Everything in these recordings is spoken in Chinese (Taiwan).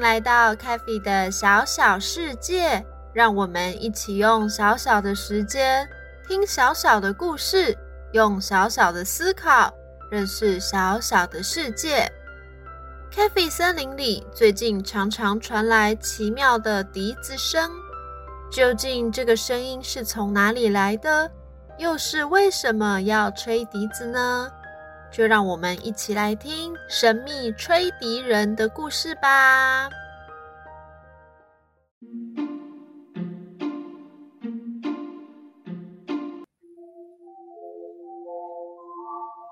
來到 CaFi 的小小世界，讓我們一起用小小的時間，聽小小的故事，用小小的思考，認識小小的世界。CaFi 森林裡最近常常傳來奇妙的笛子聲，究竟這個聲音是從哪裡來的？又是為什麼要吹笛子呢？就讓我們一起來聽神秘吹笛人的故事吧。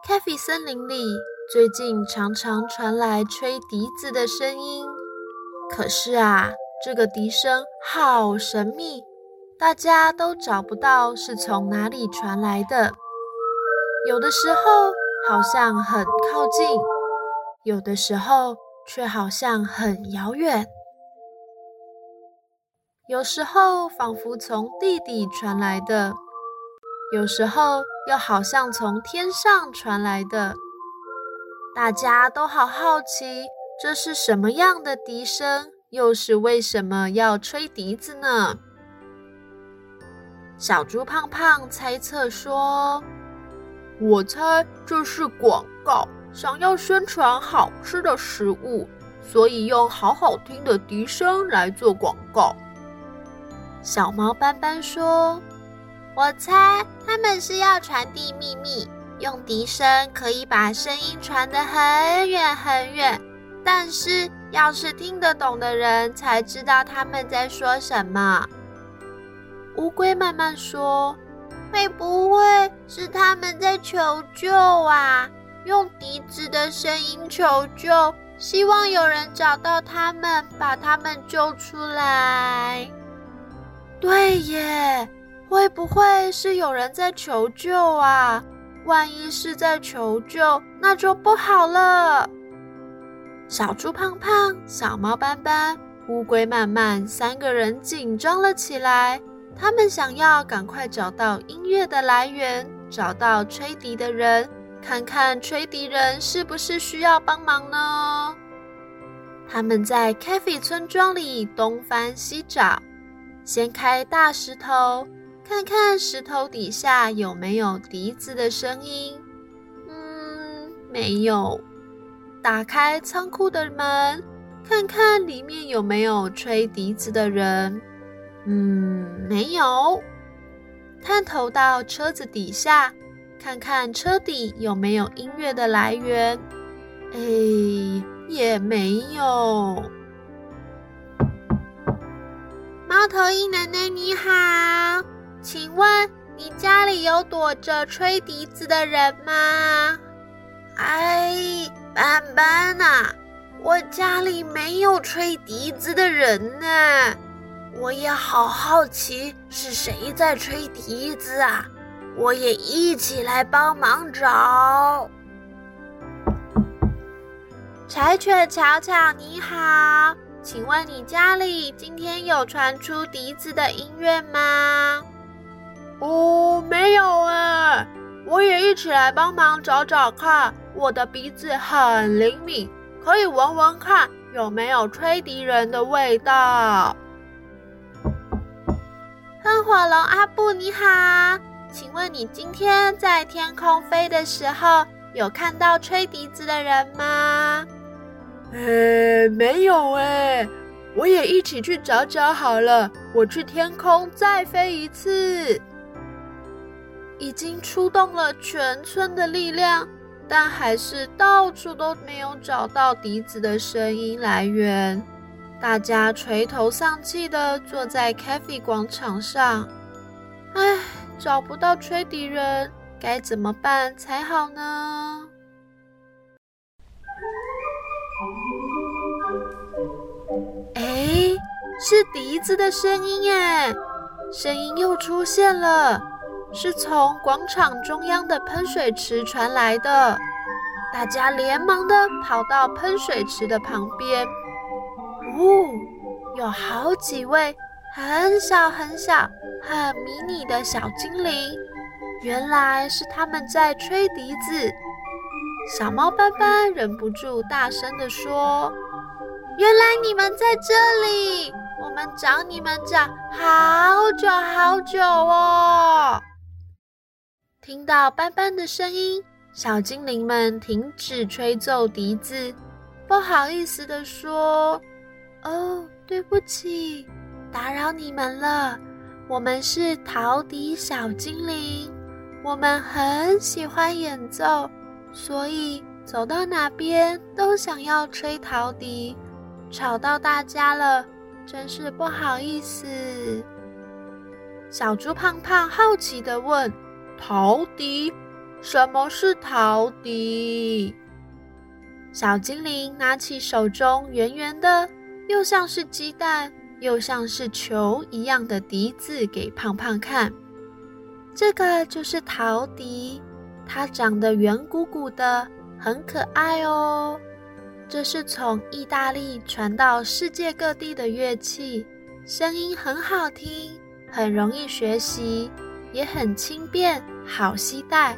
CaFi 森林裡最近常常傳來吹笛子的聲音，可是啊，這個笛聲好神秘，大家都找不到是從哪裡傳來的。有的時候，好像很靠近，有的時候卻好像很遙遠。有時候仿佛從地底傳來的，有時候又好像從天上傳來的。大家都好好奇，這是什麼樣的笛聲？又是為什麼要吹笛子呢？小豬胖胖猜測說。我猜這是廣告，想要宣傳好吃的食物，所以用好好聽的笛聲來做廣告。小貓斑斑說：“我猜他們是要傳遞秘密，用笛聲可以把聲音傳得很遠很遠，但是要是聽得懂的人才知道他們在說什麼。”烏龜慢慢說。會不會是他們在求救啊？用笛子的聲音求救，希望有人找到他們，把他們救出來。對耶，會不會是有人在求救啊？萬一是在求救，那就不好了。小豬胖胖、小貓斑斑、烏龜慢慢，三個人緊張了起來。他們想要趕快找到音樂的來源，找到吹笛的人，看看吹笛人是不是需要幫忙呢？他們在 CaFi 村莊裡東翻西找，掀開大石頭，看看石頭底下有沒有笛子的聲音。嗯，沒有。打開倉庫的門，看看裡面有沒有吹笛子的人。嗯，沒有。探頭到車子底下，看看車底有沒有音樂的來源。哎，也沒有。貓頭鷹奶奶，你好，請問你家裡有躲着吹笛子的人嗎？哎，斑斑啊，我家裡沒有吹笛子的人呢、啊。我也好好奇是誰在吹笛子啊！我也一起來幫忙找。柴犬巧巧你好，請問你家裡今天有傳出笛子的音樂嗎？哦，沒有誒。我也一起來幫忙找找看。我的鼻子很靈敏，可以聞聞看有沒有吹笛人的味道。噴火龍阿布你好，請問你今天在天空飛的時候有看到吹笛子的人嗎？呃、欸，沒有，欸，我也一起去找找好了。我去天空再飛一次。已經出動了全村的力量，但還是到處都沒有找到笛子的聲音來源。大家垂頭喪氣地坐在 CaFi 廣場上，唉，找不到吹笛人，該怎麼辦才好呢？哎，是笛子的聲音！哎，聲音又出現了，是從廣場中央的噴水池傳來的。大家連忙地跑到噴水池的旁邊。哦，有好幾位很小很小、很迷你的小精靈，原來是他們在吹笛子。小貓斑斑忍不住大聲地說：“原來你們在這裡，我們找你們找好久好久哦！”聽到斑斑的聲音，小精靈們停止吹奏笛子，不好意思地說。哦，對不起，打擾你們了。我們是陶笛小精靈，我們很喜歡演奏，所以走到哪邊都想要吹陶笛，吵到大家了，真是不好意思。小豬胖胖好奇地問：“陶笛，什麼是陶笛？”小精靈拿起手中圓圓的。又像是雞蛋，又像是球一樣的笛子，給胖胖看。這個就是陶笛，它長得圓鼓鼓的，很可愛哦。這是從意大利傳到世界各地的樂器，聲音很好聽，很容易學習，也很輕便，好攜帶。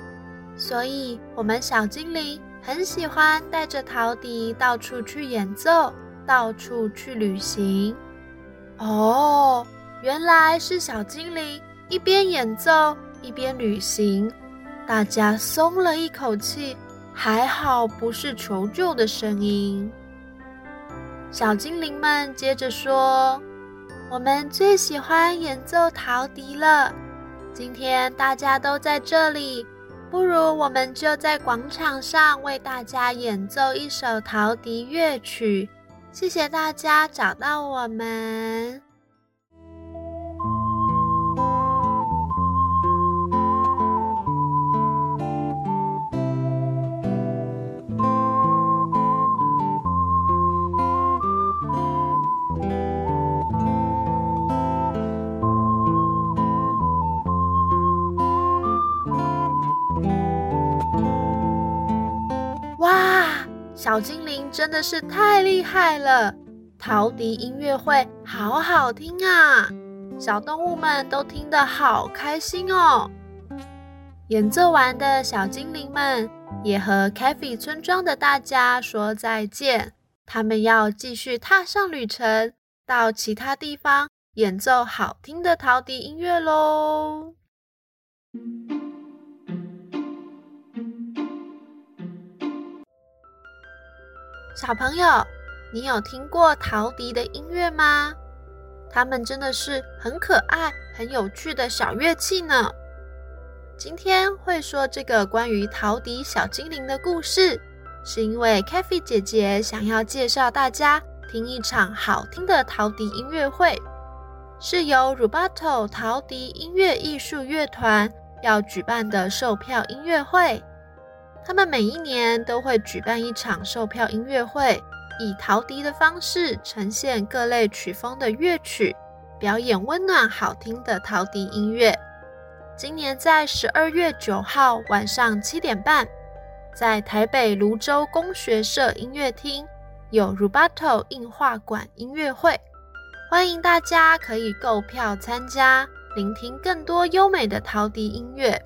所以我們小精靈很喜歡帶着陶笛到處去演奏。到處去旅行哦！Oh, 原來是小精靈一邊演奏一邊旅行，大家鬆了一口氣，還好不是求救的聲音。小精靈們接着說：“我們最喜歡演奏陶笛了。今天大家都在這裡，不如我們就在廣場上為大家演奏一首陶笛樂曲。”謝謝大家找到我們。小精靈真的是太厲害了，陶笛音樂會好好聽啊！小動物們都聽得好開心哦。演奏完的小精靈們也和 CaFi 村莊的大家說再見，他們要繼續踏上旅程，到其他地方演奏好聽的陶笛音樂嘍。小朋友，你有聽過陶笛的音樂嗎？它們真的是很可愛、很有趣的小樂器呢。今天會說這個關於陶笛小精靈的故事，是因為 CaFi 姐姐想要介紹大家聽一場好聽的陶笛音樂會，是由 Rubato 陶笛音樂藝術樂團要舉辦的售票音樂會。他們每一年都會舉辦一場售票音樂會，以陶笛的方式呈現各類曲風的樂曲，表演溫暖好聽的陶笛音樂。今年在十二月九號晚上七點半，在台北蘆洲工學社音樂廳有 Rubato 映畫館音樂會，歡迎大家可以購票參加，聆聽更多優美的陶笛音樂。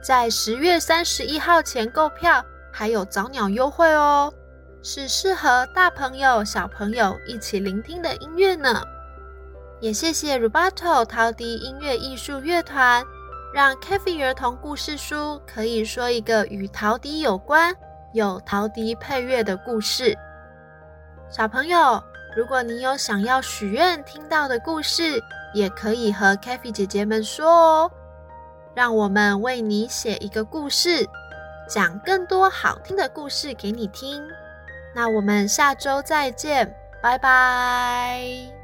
在十月三十一號前購票，還有早鳥優惠哦！是適合大朋友、小朋友一起聆聽的音樂呢。也謝謝 Rubato 陶笛音樂藝術樂團，讓 CaFi 兒童故事書可以說一個與陶笛有關、有陶笛配樂的故事。小朋友，如果你有想要許願聽到的故事，也可以和 CaFi 姐姐們說哦。讓我們為你寫一個故事，講更多好聽的故事給你聽。那我們下周再見，拜拜。